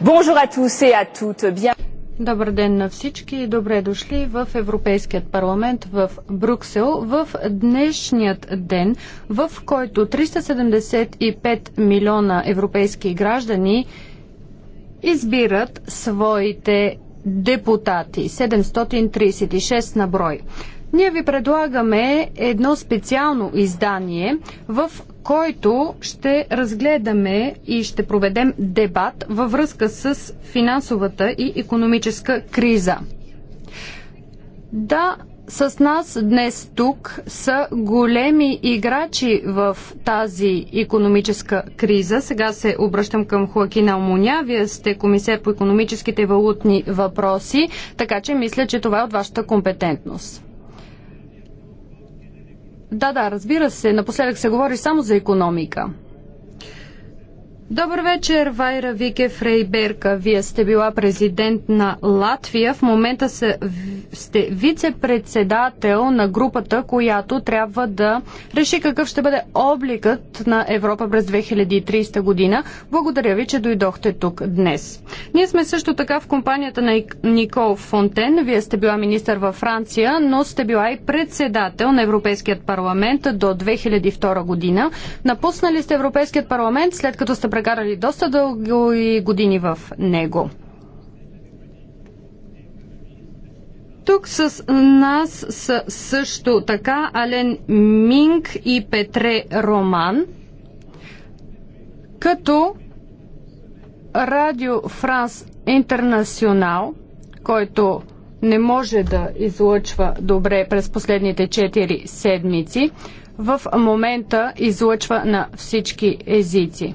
Bonjour à tous et à toutes. Bien... Добър ден на всички и добре дошли в Европейският парламент в Бруксел, в днешният ден, в който 375 милиона европейски граждани избират своите депутати. 736 на брой. Ние ви предлагаме едно специално издание, в който ще разгледаме и ще проведем дебат във връзка с финансовата и економическа криза. Да, с нас днес тук са големи играчи в тази економическа криза. Сега се обръщам към Хоакина Алмуня. Вие сте комисар по економическите и валутни въпроси, така че мисля, че това е от вашата компетентност. Да, да, разбира се. Напоследък се говори само за економика. Добър вечер, Вайра Вике Фрейберка. Вие сте била президент на Латвия. В момента сте вице-председател на групата, която трябва да реши какъв ще бъде обликът на Европа през 2030 година. Благодаря ви, че дойдохте тук днес. Ние сме също така в компанията на Никол Фонтен. Вие сте била министър във Франция, но сте била и председател на Европейският парламент до 2002 година. Напуснали сте Европейският парламент след като сте прекарали доста дълги години в него. Тук с нас са също така Ален Минг и Петре Роман, като Радио Франс Интернационал, който не може да излъчва добре през последните 4 седмици, в момента излъчва на всички езици.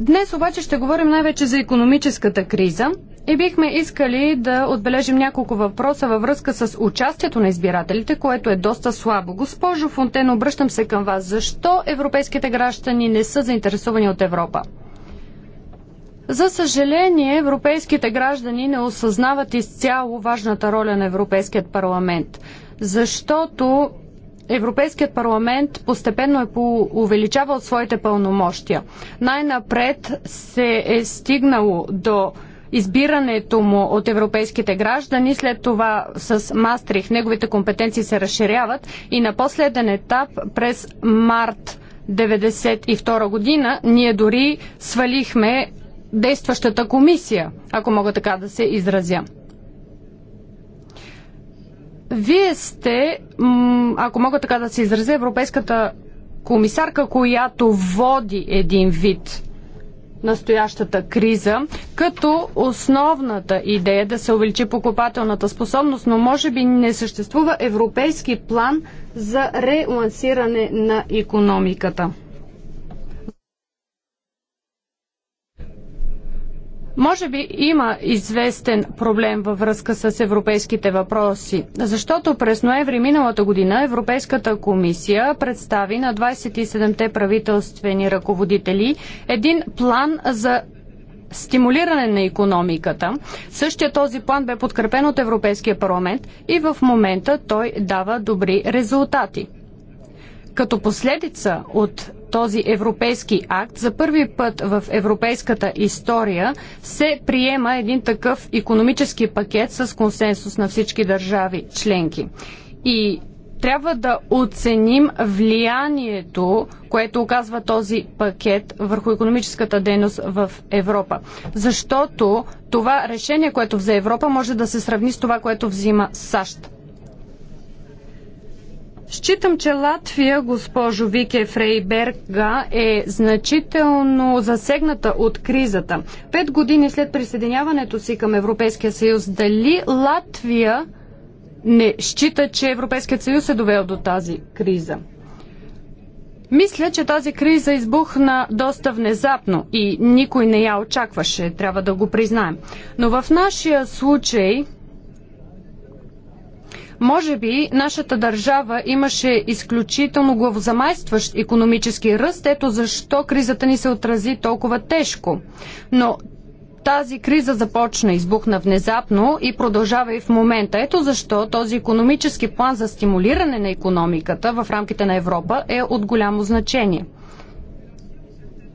Днес обаче ще говорим най-вече за економическата криза и бихме искали да отбележим няколко въпроса във връзка с участието на избирателите, което е доста слабо. Госпожо Фонтен, обръщам се към вас. Защо европейските граждани не са заинтересувани от Европа? За съжаление, европейските граждани не осъзнават изцяло важната роля на Европейският парламент, защото Европейският парламент постепенно е увеличавал своите пълномощия. Най-напред се е стигнало до избирането му от европейските граждани, след това с Мастрих неговите компетенции се разширяват и на последен етап през март 1992 година ние дори свалихме действащата комисия, ако мога така да се изразя. Вие сте, ако мога така да се изразя, европейската комисарка, която води един вид настоящата криза, като основната идея е да се увеличи покупателната способност, но може би не съществува европейски план за релансиране на економиката. Може би има известен проблем във връзка с европейските въпроси, защото през ноември миналата година Европейската комисия представи на 27-те правителствени ръководители един план за стимулиране на економиката. Същия този план бе подкрепен от Европейския парламент и в момента той дава добри резултати. Като последица от този европейски акт, за първи път в европейската история се приема един такъв економически пакет с консенсус на всички държави членки. И трябва да оценим влиянието, което оказва този пакет върху економическата дейност в Европа. Защото това решение, което взе Европа, може да се сравни с това, което взима САЩ. Считам, че Латвия, госпожо Вике Фрейберга, е значително засегната от кризата. Пет години след присъединяването си към Европейския съюз, дали Латвия не счита, че Европейският съюз е довел до тази криза? Мисля, че тази криза избухна доста внезапно и никой не я очакваше, трябва да го признаем. Но в нашия случай може би нашата държава имаше изключително главозамайстващ економически ръст, ето защо кризата ни се отрази толкова тежко. Но тази криза започна, избухна внезапно и продължава и в момента. Ето защо този економически план за стимулиране на економиката в рамките на Европа е от голямо значение.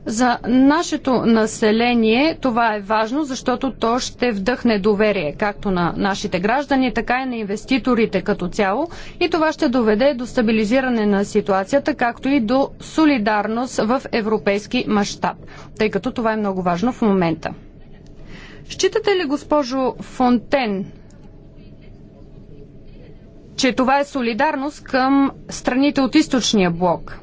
За нашето население това е важно, защото то ще вдъхне доверие както на нашите граждани, така и на инвеститорите като цяло и това ще доведе до стабилизиране на ситуацията, както и до солидарност в европейски мащаб, тъй като това е много важно в момента. Считате ли, госпожо Фонтен, че това е солидарност към страните от източния блок?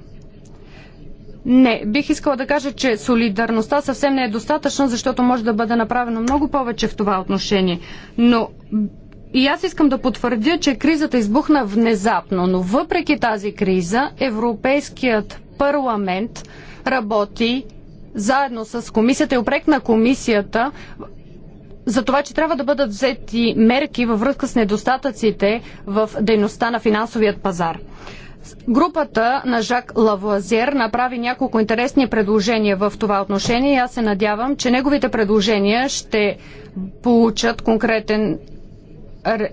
Не, бих искала да кажа, че солидарността съвсем не е достатъчна, защото може да бъде направено много повече в това отношение. Но и аз искам да потвърдя, че кризата избухна внезапно, но въпреки тази криза Европейският парламент работи заедно с комисията и опрек на комисията за това, че трябва да бъдат взети мерки във връзка с недостатъците в дейността на финансовият пазар. Групата на Жак Лавуазер направи няколко интересни предложения в това отношение и аз се надявам, че неговите предложения ще получат конкретен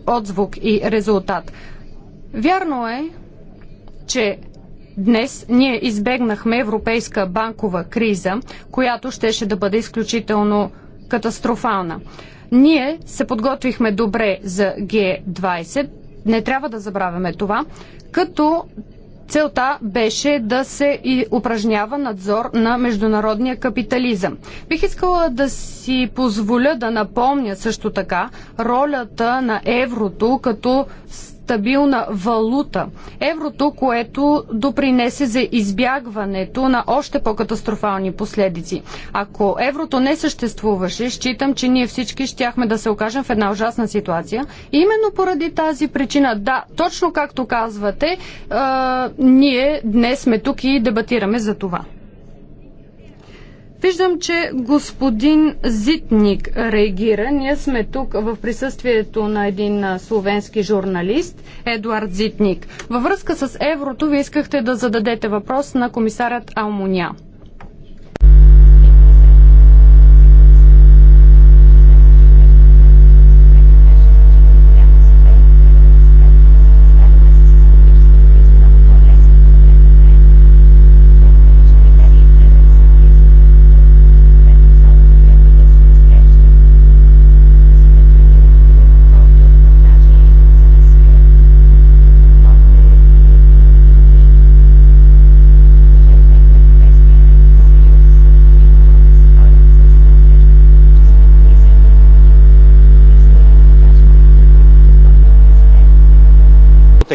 отзвук и резултат. Вярно е, че днес ние избегнахме европейска банкова криза, която щеше да бъде изключително катастрофална. Ние се подготвихме добре за Г20, не трябва да забравяме това, като Целта беше да се и упражнява надзор на международния капитализъм. Бих искала да си позволя да напомня също така ролята на еврото като стабилна валута. Еврото, което допринесе за избягването на още по-катастрофални последици. Ако еврото не съществуваше, считам, че ние всички щяхме да се окажем в една ужасна ситуация. И именно поради тази причина, да, точно както казвате, е, ние днес сме тук и дебатираме за това. Виждам, че господин Зитник реагира. Ние сме тук в присъствието на един словенски журналист, Едуард Зитник. Във връзка с еврото, вие искахте да зададете въпрос на комисарят Алмуня.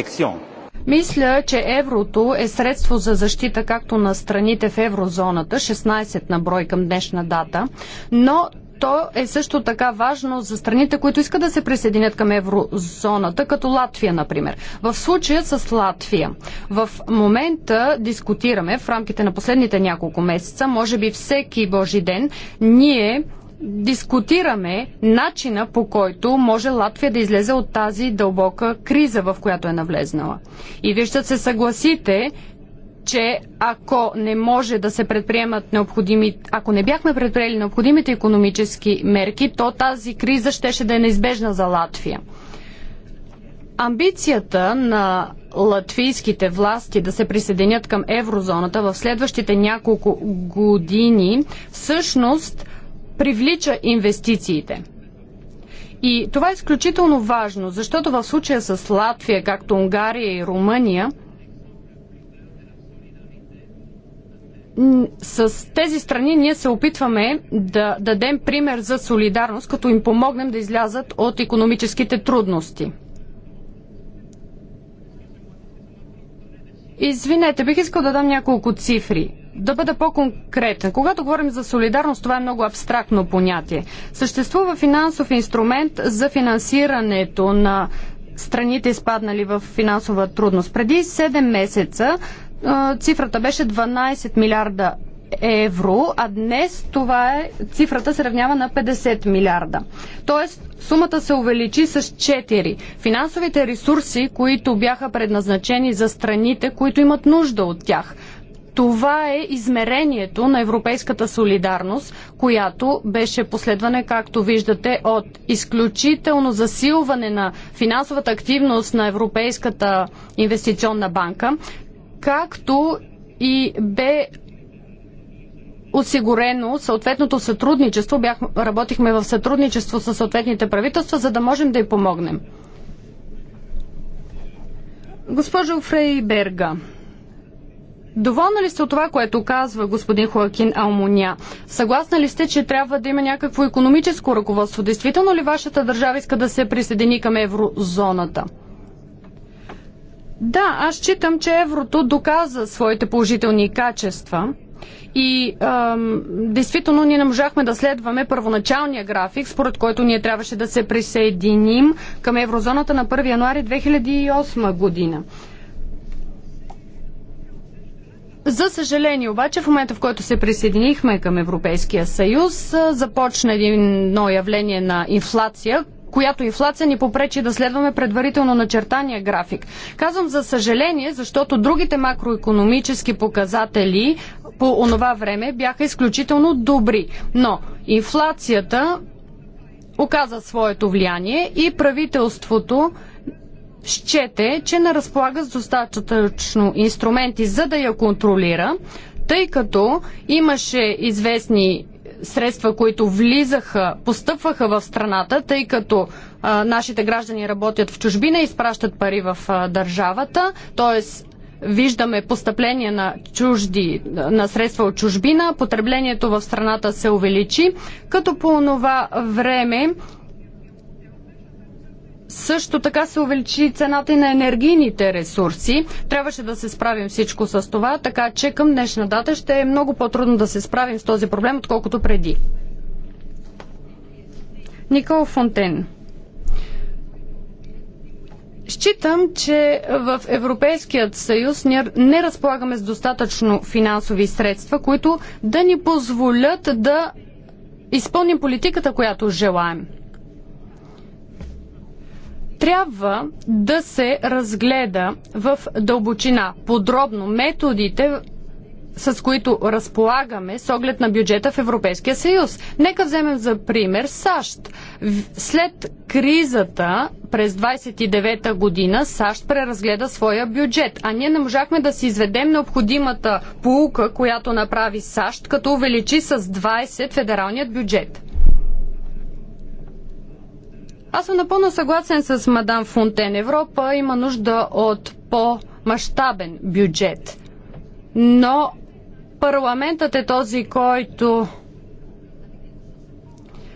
protection. Мисля, че еврото е средство за защита както на страните в еврозоната, 16 на брой към днешна дата, но то е също така важно за страните, които искат да се присъединят към еврозоната, като Латвия, например. В случая с Латвия. В момента дискутираме в рамките на последните няколко месеца, може би всеки Божи ден, ние дискутираме начина по който може Латвия да излезе от тази дълбока криза, в която е навлезнала. И вие ще се съгласите, че ако не може да се предприемат необходими, ако не бяхме предприели необходимите економически мерки, то тази криза щеше да е неизбежна за Латвия. Амбицията на латвийските власти да се присъединят към еврозоната в следващите няколко години всъщност привлича инвестициите. И това е изключително важно, защото в случая с Латвия, както Унгария и Румъния, с тези страни ние се опитваме да дадем пример за солидарност, като им помогнем да излязат от економическите трудности. Извинете, бих искал да дам няколко цифри да бъда по-конкретен. Когато говорим за солидарност, това е много абстрактно понятие. Съществува финансов инструмент за финансирането на страните, изпаднали в финансова трудност. Преди 7 месеца цифрата беше 12 милиарда евро, а днес това е, цифрата се равнява на 50 милиарда. Тоест, сумата се увеличи с 4. Финансовите ресурси, които бяха предназначени за страните, които имат нужда от тях – това е измерението на европейската солидарност, която беше последване, както виждате, от изключително засилване на финансовата активност на Европейската инвестиционна банка, както и бе осигурено съответното сътрудничество. Бях, работихме в сътрудничество с съответните правителства, за да можем да й помогнем. Госпожо Фрейберга, Доволна ли сте от това, което казва господин Хоакин Алмуня? Съгласна ли сте, че трябва да има някакво економическо ръководство? Действително ли вашата държава иска да се присъедини към еврозоната? Да, аз считам, че еврото доказа своите положителни качества. И ам, действително ние не можахме да следваме първоначалния график, според който ние трябваше да се присъединим към еврозоната на 1 януари 2008 година. За съжаление обаче, в момента в който се присъединихме към Европейския съюз, започна едно явление на инфлация, която инфлация ни попречи да следваме предварително начертания график. Казвам за съжаление, защото другите макроекономически показатели по онова време бяха изключително добри. Но инфлацията оказа своето влияние и правителството счете, че не разполага с достатъчно инструменти, за да я контролира, тъй като имаше известни средства, които влизаха, постъпваха в страната, тъй като а, нашите граждани работят в чужбина и изпращат пари в а, държавата, т.е. виждаме постъпление на чужди, на средства от чужбина, потреблението в страната се увеличи, като по това време също така се увеличи цената и на енергийните ресурси. Трябваше да се справим всичко с това, така че към днешна дата ще е много по-трудно да се справим с този проблем, отколкото преди. Никол Фонтен. Считам, че в Европейският съюз не разполагаме с достатъчно финансови средства, които да ни позволят да изпълним политиката, която желаем трябва да се разгледа в дълбочина, подробно методите, с които разполагаме с оглед на бюджета в Европейския съюз. Нека вземем за пример САЩ. След кризата през 29-та година САЩ преразгледа своя бюджет, а ние не можахме да си изведем необходимата полука, която направи САЩ, като увеличи с 20 федералният бюджет. Аз съм напълно съгласен с мадам Фонтен. Европа има нужда от по-масштабен бюджет. Но парламентът е този, който.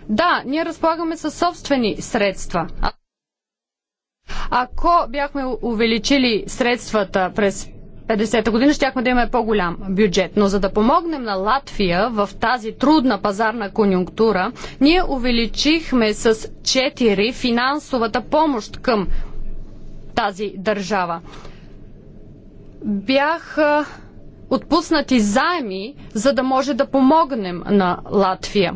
Да, ние разполагаме със собствени средства. Ако бяхме увеличили средствата през 50-та година щяхме да имаме по-голям бюджет. Но за да помогнем на Латвия в тази трудна пазарна конюнктура, ние увеличихме с 4 финансовата помощ към тази държава. Бяха отпуснати заеми, за да може да помогнем на Латвия.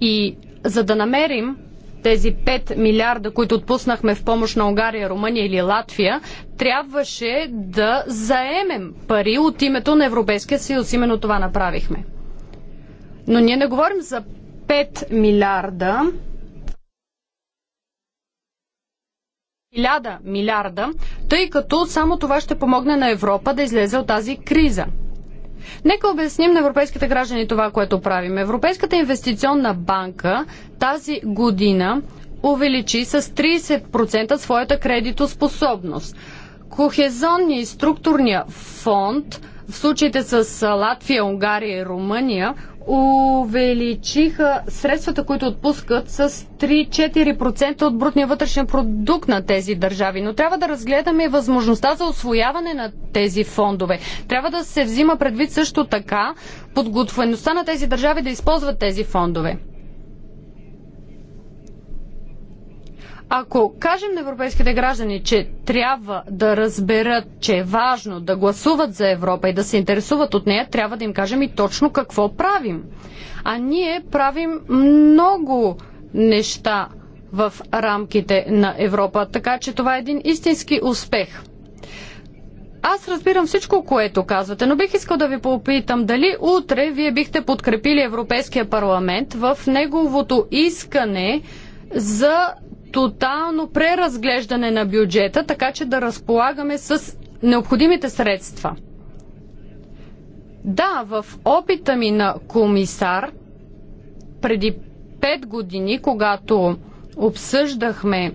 И за да намерим тези 5 милиарда, които отпуснахме в помощ на Унгария, Румъния или Латвия, трябваше да заемем пари от името на Европейския съюз. Именно това направихме. Но ние не говорим за 5 милиарда. Милиарда, милиарда, тъй като само това ще помогне на Европа да излезе от тази криза. Нека обясним на европейските граждани това, което правим. Европейската инвестиционна банка тази година увеличи с 30% своята кредитоспособност. Кохезонния и структурния фонд – в случаите с Латвия, Унгария и Румъния увеличиха средствата, които отпускат с 3-4% от брутния вътрешен продукт на тези държави. Но трябва да разгледаме и възможността за освояване на тези фондове. Трябва да се взима предвид също така подготвеността на тези държави да използват тези фондове. Ако кажем на европейските граждани, че трябва да разберат, че е важно да гласуват за Европа и да се интересуват от нея, трябва да им кажем и точно какво правим. А ние правим много неща в рамките на Европа, така че това е един истински успех. Аз разбирам всичко, което казвате, но бих искал да ви попитам дали утре вие бихте подкрепили Европейския парламент в неговото искане за тотално преразглеждане на бюджета, така че да разполагаме с необходимите средства. Да, в опита ми на комисар преди 5 години, когато обсъждахме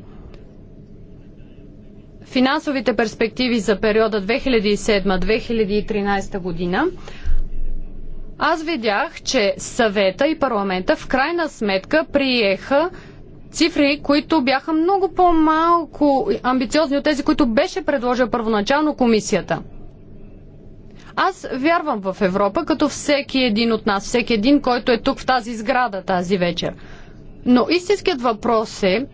финансовите перспективи за периода 2007-2013 година, аз видях, че съвета и парламента в крайна сметка приеха цифри, които бяха много по-малко амбициозни от тези, които беше предложил първоначално комисията. Аз вярвам в Европа, като всеки един от нас, всеки един, който е тук в тази сграда тази вечер. Но истинският въпрос е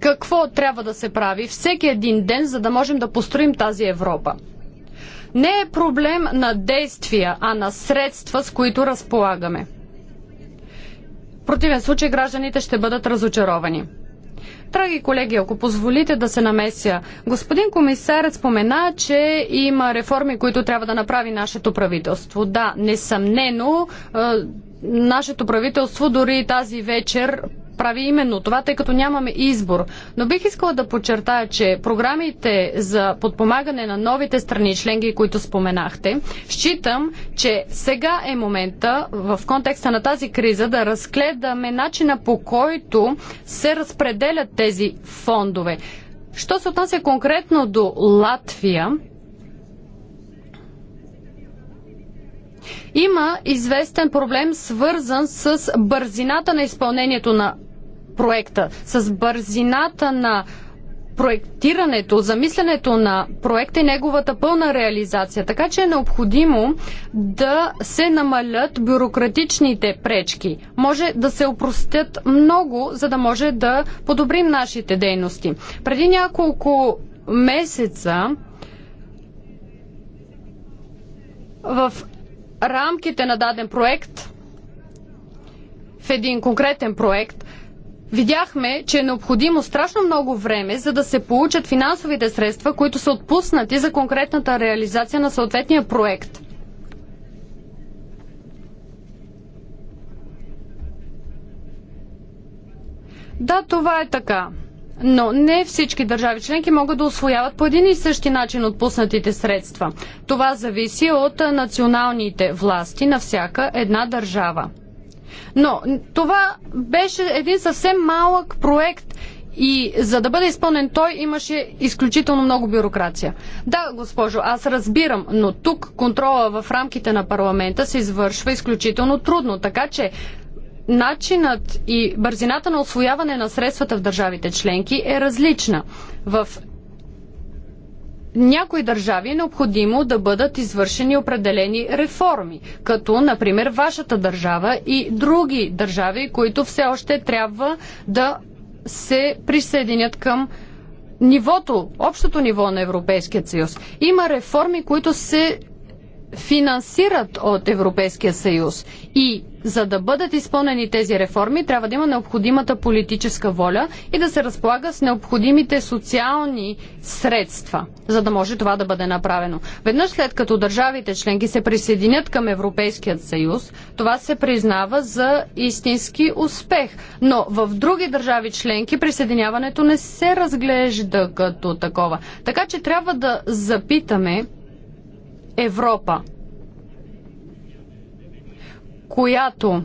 какво трябва да се прави всеки един ден, за да можем да построим тази Европа. Не е проблем на действия, а на средства, с които разполагаме противен случай гражданите ще бъдат разочаровани. Драги колеги, ако позволите да се намеся, господин комисарът спомена, че има реформи, които трябва да направи нашето правителство. Да, несъмнено, е, нашето правителство дори тази вечер прави именно това, тъй като нямаме избор. Но бих искала да подчертая, че програмите за подпомагане на новите страни членки, които споменахте, считам, че сега е момента в контекста на тази криза да разгледаме начина по който се разпределят тези фондове. Що се отнася конкретно до Латвия, Има известен проблем, свързан с бързината на изпълнението на проекта. С бързината на проектирането, замисленето на проекта и неговата пълна реализация. Така че е необходимо да се намалят бюрократичните пречки. Може да се опростят много, за да може да подобрим нашите дейности. Преди няколко месеца в рамките на даден проект, в един конкретен проект, видяхме, че е необходимо страшно много време, за да се получат финансовите средства, които са отпуснати за конкретната реализация на съответния проект. Да, това е така. Но не всички държави членки могат да освояват по един и същи начин отпуснатите средства. Това зависи от националните власти на всяка една държава. Но това беше един съвсем малък проект и за да бъде изпълнен той имаше изключително много бюрокрация. Да, госпожо, аз разбирам, но тук контрола в рамките на парламента се извършва изключително трудно, така че начинът и бързината на освояване на средствата в държавите членки е различна. В някои държави е необходимо да бъдат извършени определени реформи, като например вашата държава и други държави, които все още трябва да се присъединят към нивото, общото ниво на Европейския съюз. Има реформи, които се финансират от Европейския съюз. И за да бъдат изпълнени тези реформи, трябва да има необходимата политическа воля и да се разполага с необходимите социални средства, за да може това да бъде направено. Веднъж след като държавите членки се присъединят към Европейският съюз, това се признава за истински успех. Но в други държави членки присъединяването не се разглежда като такова. Така че трябва да запитаме Европа, която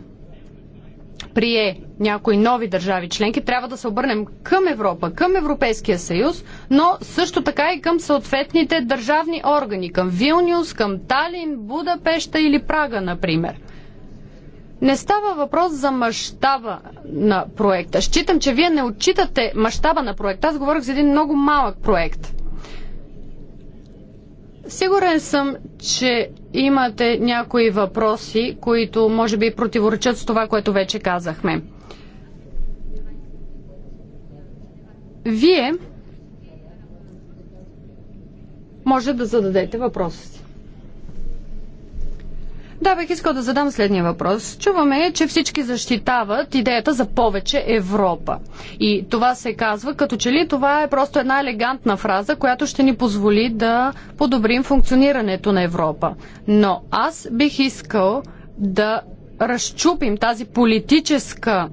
прие някои нови държави членки, трябва да се обърнем към Европа, към Европейския съюз, но също така и към съответните държавни органи, към Вилнюс, към Талин, Будапешта или Прага, например. Не става въпрос за мащаба на проекта. Считам, че вие не отчитате мащаба на проекта. Аз говорих за един много малък проект. Сигурен съм, че имате някои въпроси, които може би противоречат с това, което вече казахме. Вие може да зададете въпроси. Да, бих искал да задам следния въпрос. Чуваме, че всички защитават идеята за повече Европа. И това се казва, като че ли това е просто една елегантна фраза, която ще ни позволи да подобрим функционирането на Европа. Но аз бих искал да разчупим тази политическа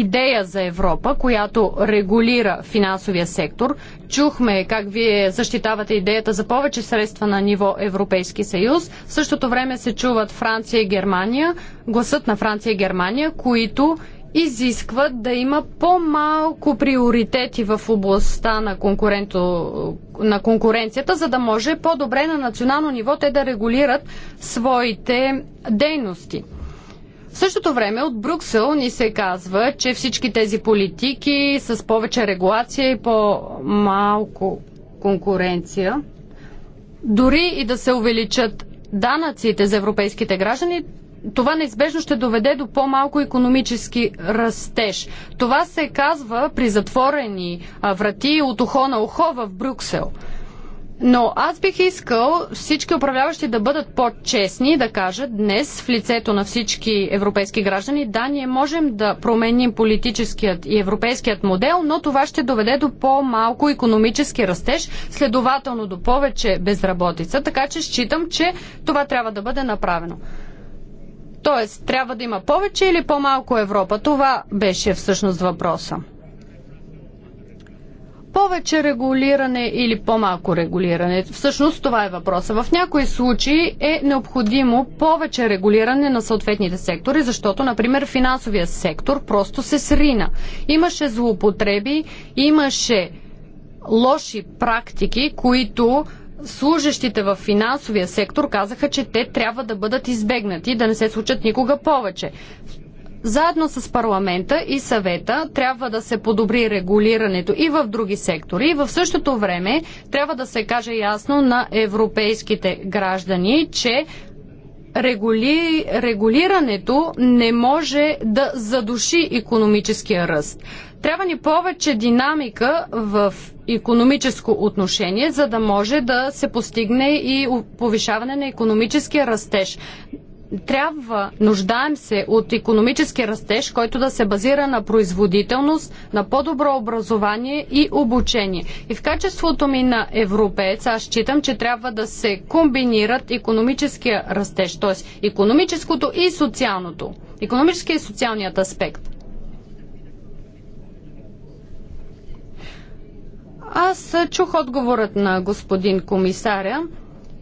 идея за Европа, която регулира финансовия сектор. Чухме как вие защитавате идеята за повече средства на ниво Европейски съюз. В същото време се чуват Франция и Германия, гласът на Франция и Германия, които изискват да има по-малко приоритети в областта на, конкуренто, на конкуренцията, за да може по-добре на национално ниво те да регулират своите дейности. В същото време от Брюксел ни се казва, че всички тези политики с повече регулация и по-малко конкуренция, дори и да се увеличат данъците за европейските граждани, това неизбежно ще доведе до по-малко економически растеж. Това се казва при затворени врати от ухо на ухо в Брюксел. Но аз бих искал всички управляващи да бъдат по-честни и да кажат днес в лицето на всички европейски граждани, да, ние можем да променим политическият и европейският модел, но това ще доведе до по-малко економически растеж, следователно до повече безработица, така че считам, че това трябва да бъде направено. Тоест, трябва да има повече или по-малко Европа. Това беше всъщност въпроса повече регулиране или по-малко регулиране? Всъщност това е въпроса. В някои случаи е необходимо повече регулиране на съответните сектори, защото, например, финансовия сектор просто се срина. Имаше злоупотреби, имаше лоши практики, които служащите в финансовия сектор казаха, че те трябва да бъдат избегнати, да не се случат никога повече. Заедно с парламента и съвета трябва да се подобри регулирането и в други сектори. в същото време трябва да се каже ясно на европейските граждани, че регули... регулирането не може да задуши економическия ръст. Трябва ни повече динамика в економическо отношение, за да може да се постигне и повишаване на економическия растеж трябва, нуждаем се от економически растеж, който да се базира на производителност, на по-добро образование и обучение. И в качеството ми на европеец, аз считам, че трябва да се комбинират економическия растеж, т.е. економическото и социалното. Економическия и е социалният аспект. Аз чух отговорът на господин комисаря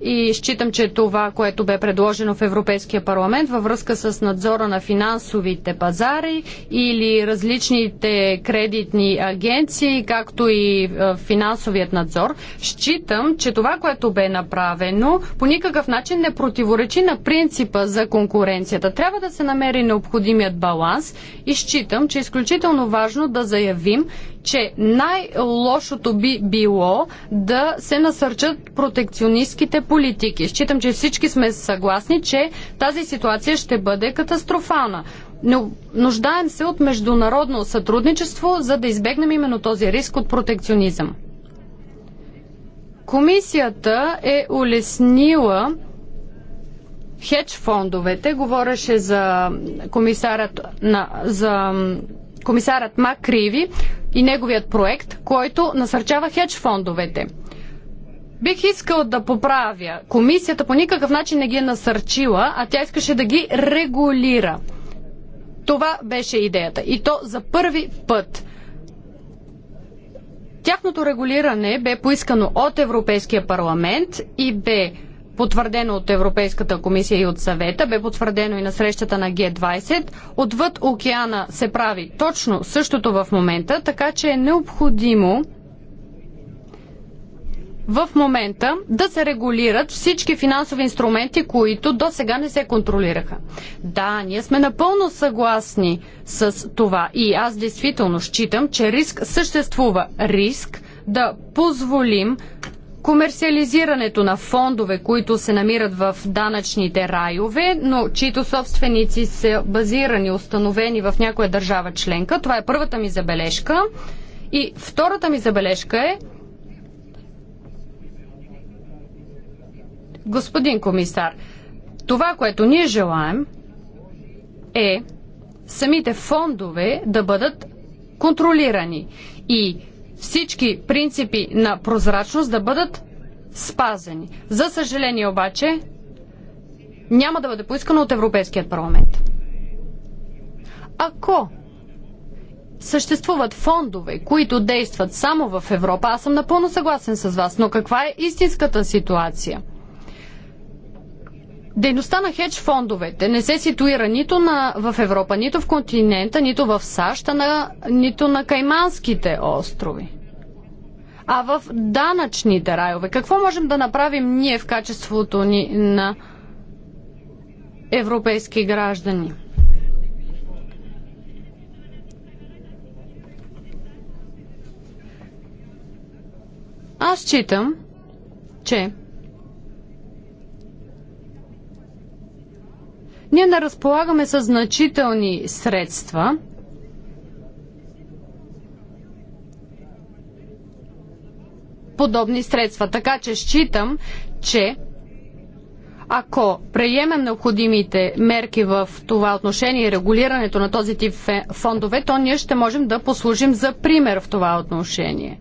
и считам, че това, което бе предложено в Европейския парламент във връзка с надзора на финансовите пазари или различните кредитни агенции, както и е, финансовият надзор, считам, че това, което бе направено, по никакъв начин не противоречи на принципа за конкуренцията. Трябва да се намери необходимият баланс и считам, че е изключително важно да заявим, че най-лошото би било да се насърчат протекционистските политики. Считам, че всички сме съгласни, че тази ситуация ще бъде катастрофална. Но нуждаем се от международно сътрудничество, за да избегнем именно този риск от протекционизъм. Комисията е улеснила хедж фондовете. Говореше за комисарят на, за комисарът Мак Криви и неговият проект, който насърчава хедж фондовете. Бих искал да поправя. Комисията по никакъв начин не ги е насърчила, а тя искаше да ги регулира. Това беше идеята. И то за първи път. Тяхното регулиране бе поискано от Европейския парламент и бе потвърдено от Европейската комисия и от съвета, бе потвърдено и на срещата на Г20. Отвъд океана се прави точно същото в момента, така че е необходимо в момента да се регулират всички финансови инструменти, които до сега не се контролираха. Да, ние сме напълно съгласни с това и аз действително считам, че риск съществува. Риск да позволим комерциализирането на фондове, които се намират в данъчните райове, но чието собственици са базирани, установени в някоя държава членка. Това е първата ми забележка. И втората ми забележка е, господин комисар, това, което ние желаем е самите фондове да бъдат контролирани. И всички принципи на прозрачност да бъдат спазени. За съжаление обаче, няма да бъде поискано от Европейският парламент. Ако съществуват фондове, които действат само в Европа, аз съм напълно съгласен с вас, но каква е истинската ситуация? Дейността на хедж фондовете не се ситуира нито на, в Европа, нито в континента, нито в САЩ, а на, нито на Кайманските острови. А в данъчните райове, какво можем да направим ние в качеството ни на европейски граждани? Аз читам, че Ние не разполагаме с значителни средства, подобни средства. Така че считам, че ако приемем необходимите мерки в това отношение и регулирането на този тип фондове, то ние ще можем да послужим за пример в това отношение.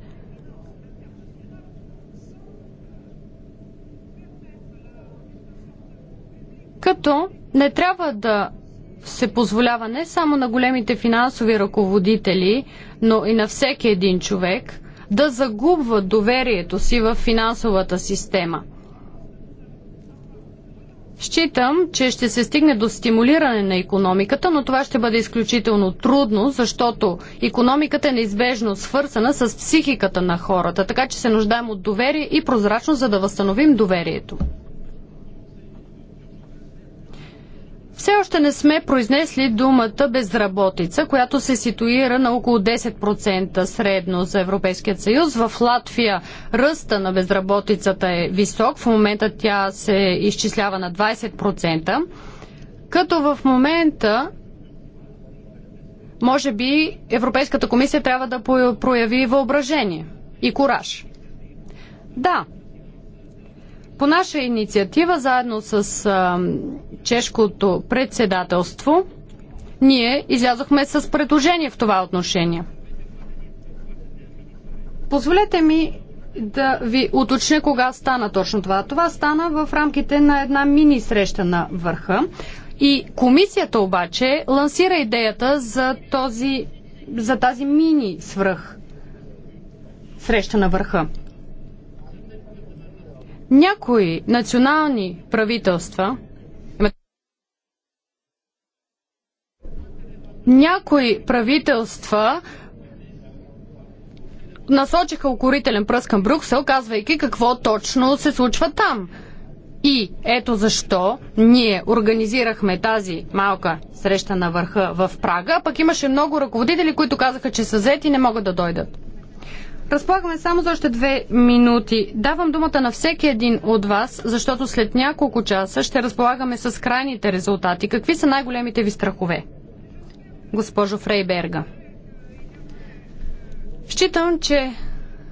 Като не трябва да се позволява не само на големите финансови ръководители, но и на всеки един човек да загубва доверието си в финансовата система. Считам, че ще се стигне до стимулиране на економиката, но това ще бъде изключително трудно, защото економиката е неизбежно свързана с психиката на хората, така че се нуждаем от доверие и прозрачност, за да възстановим доверието. Все още не сме произнесли думата безработица, която се ситуира на около 10% средно за Европейският съюз. В Латвия ръста на безработицата е висок. В момента тя се изчислява на 20%. Като в момента може би Европейската комисия трябва да прояви въображение и кураж. Да, по наша инициатива, заедно с а, чешкото председателство, ние излязохме с предложение в това отношение. Позволете ми да ви уточня кога стана точно това. Това стана в рамките на една мини среща на върха. И комисията обаче лансира идеята за, този, за тази мини свръх среща на върха. Някои национални правителства някои правителства насочиха укорителен пръст към Брюксел, казвайки какво точно се случва там. И ето защо ние организирахме тази малка среща на върха в Прага, пък имаше много ръководители, които казаха, че са взети и не могат да дойдат. Разполагаме само за още две минути. Давам думата на всеки един от вас, защото след няколко часа ще разполагаме с крайните резултати. Какви са най-големите ви страхове? Госпожо Фрейберга. Считам, че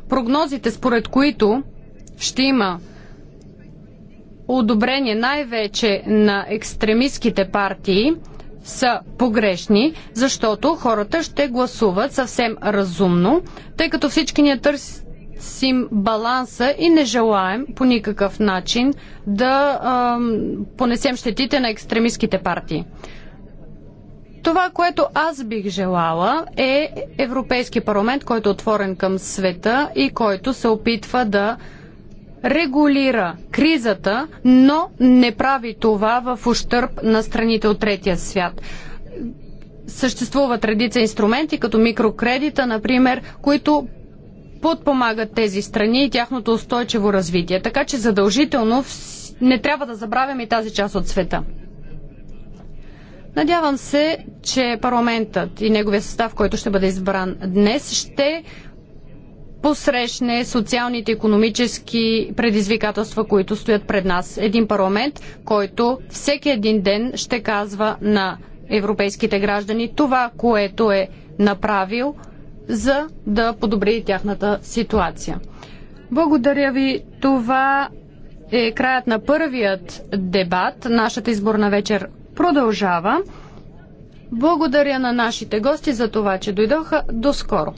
прогнозите, според които ще има одобрение най-вече на екстремистските партии, са погрешни, защото хората ще гласуват съвсем разумно, тъй като всички ние търсим баланса и не желаем по никакъв начин да а, понесем щетите на екстремистските партии. Това, което аз бих желала е Европейски парламент, който е отворен към света и който се опитва да регулира кризата, но не прави това в ущърп на страните от третия свят. Съществуват редица инструменти, като микрокредита, например, които подпомагат тези страни и тяхното устойчиво развитие. Така че задължително не трябва да забравяме и тази част от света. Надявам се, че парламентът и неговия състав, който ще бъде избран днес, ще посрещне социалните и економически предизвикателства, които стоят пред нас. Един парламент, който всеки един ден ще казва на европейските граждани това, което е направил, за да подобри тяхната ситуация. Благодаря ви. Това е краят на първият дебат. Нашата изборна вечер продължава. Благодаря на нашите гости за това, че дойдоха. До скоро!